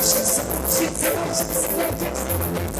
Just, just, just, just, just, just,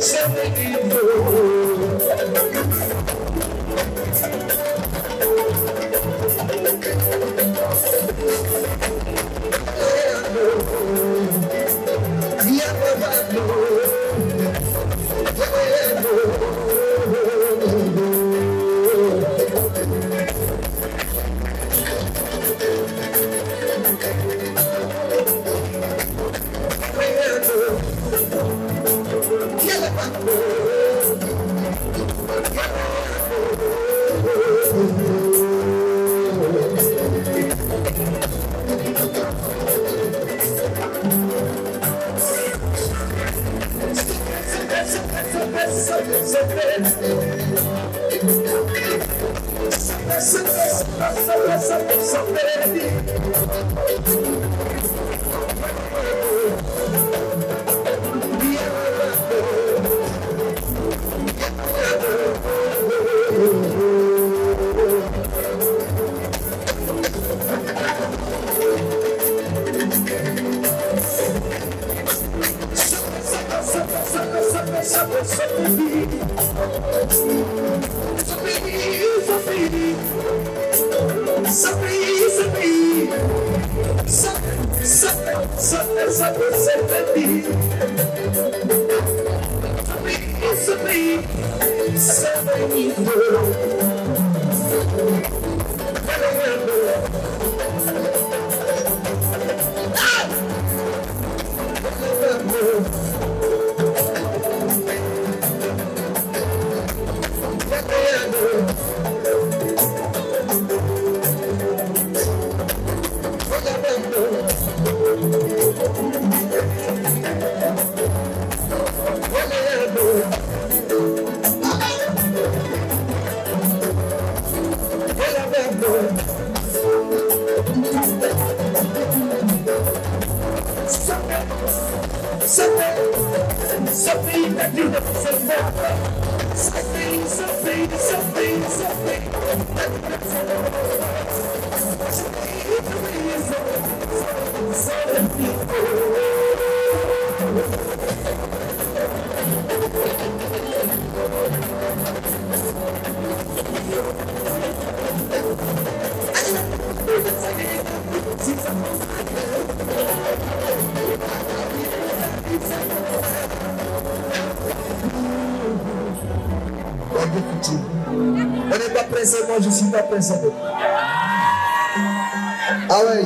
Somebody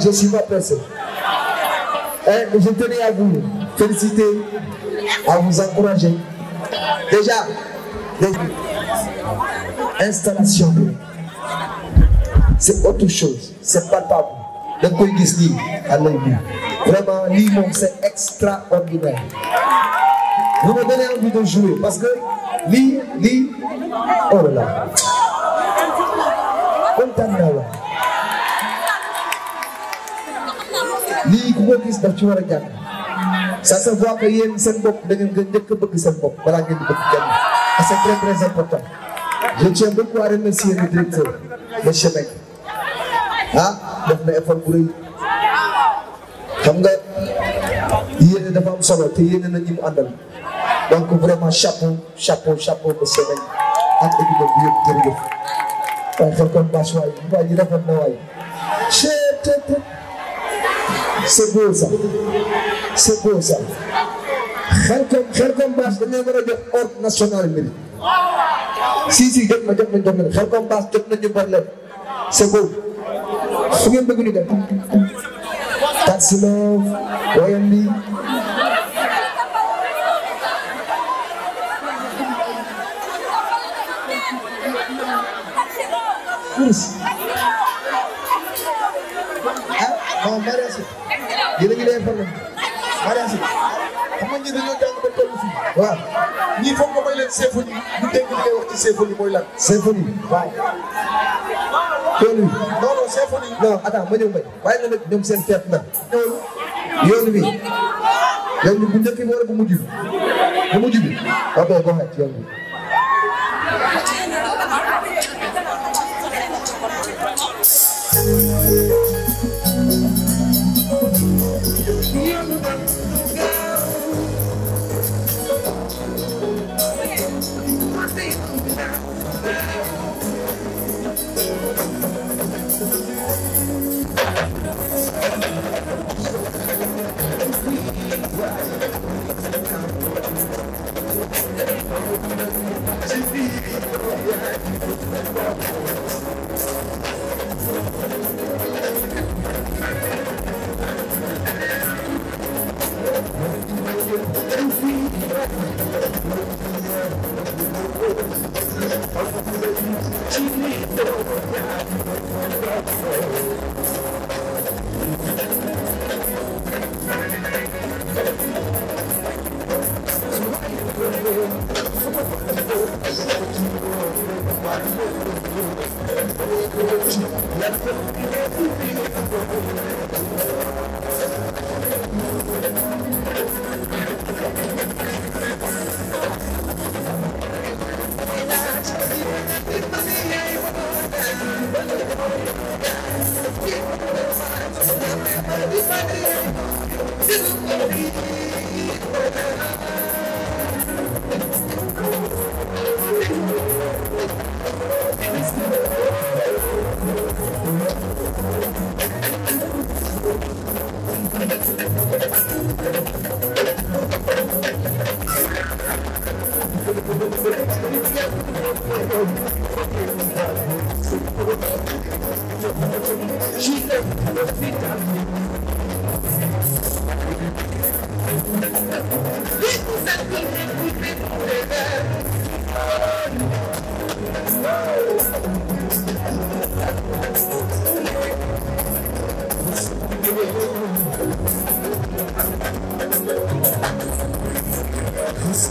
je suis pas personne. Et eh, je tenais à vous féliciter, à vous encourager. Déjà, installation c'est autre chose c'est palpable da koy gis lii à l'œil vraiment lii moom extraordinaire vous me donnez envie de jouer parce que lii lii oh lii ku ko gis daf ci war a jàng ça se voit que yéen seen bopp da ngeen ko njëkk bëgg seen bopp balaa ngeen di bëgg kenn c'est très très important je tiens beaucoup à remercier le directeur monsieur Mbengue ah def na effort bu rëy xam nga yéene dafa am solo te yéene na ñi mu àndal donc vraiment chapeau chapeau chapeau monsieur Mbengue ak équipe bi yëpp jërëjëf waaye xel kon bâche waay waay yi rafet na waay c'est beau ça c'est beau ça Xelcom Xelcom Basse dañ leen war a jox ordre national bi si si jot na jot nañ jot nañ Xelcom Basse jot nañu bor leen c'est beau fu ngeen bëgg ñu dem Tasiloo wayam bi ah bon merci yéen a ngi lay informé mariage yi xam ñi dañoo jàng ba toll fii. waaw ñii foog nga may leen symphonie ñu dégg li ngay wax ci symphonie mooy lan. symphonie waaw. yoon wi non non ma ñëw mbay bàyyi na ñoom seen teet nag. yoon wi yoon wi bu njëkk bu mujj bi bu mujj Thank you. Peace.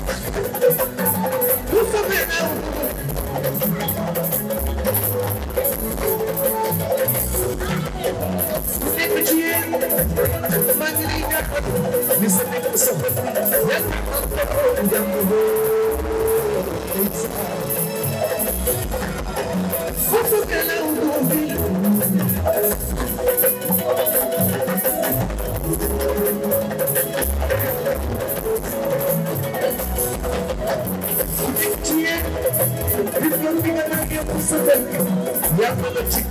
politics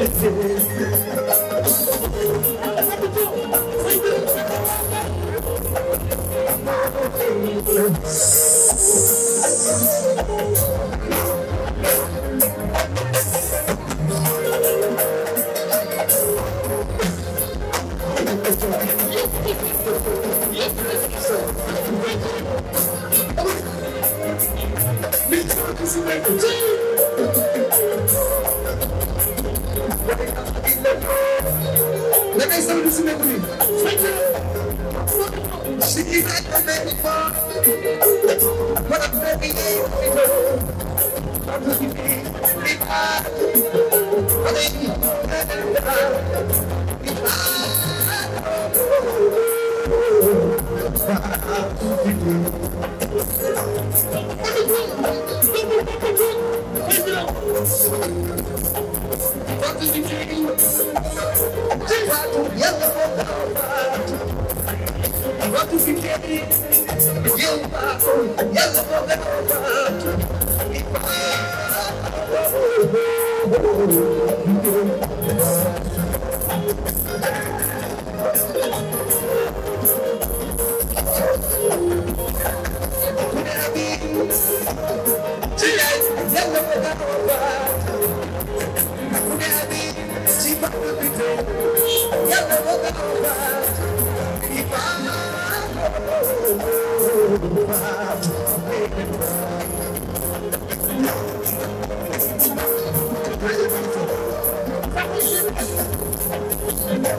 Thank you. si nekk nii. si kii ay ay ay ay quoi. wala mu nekk nii ay ay ay. am na si kii ay ay. wala yi ñu ay ay ay ay. ah ah ah. a Yalla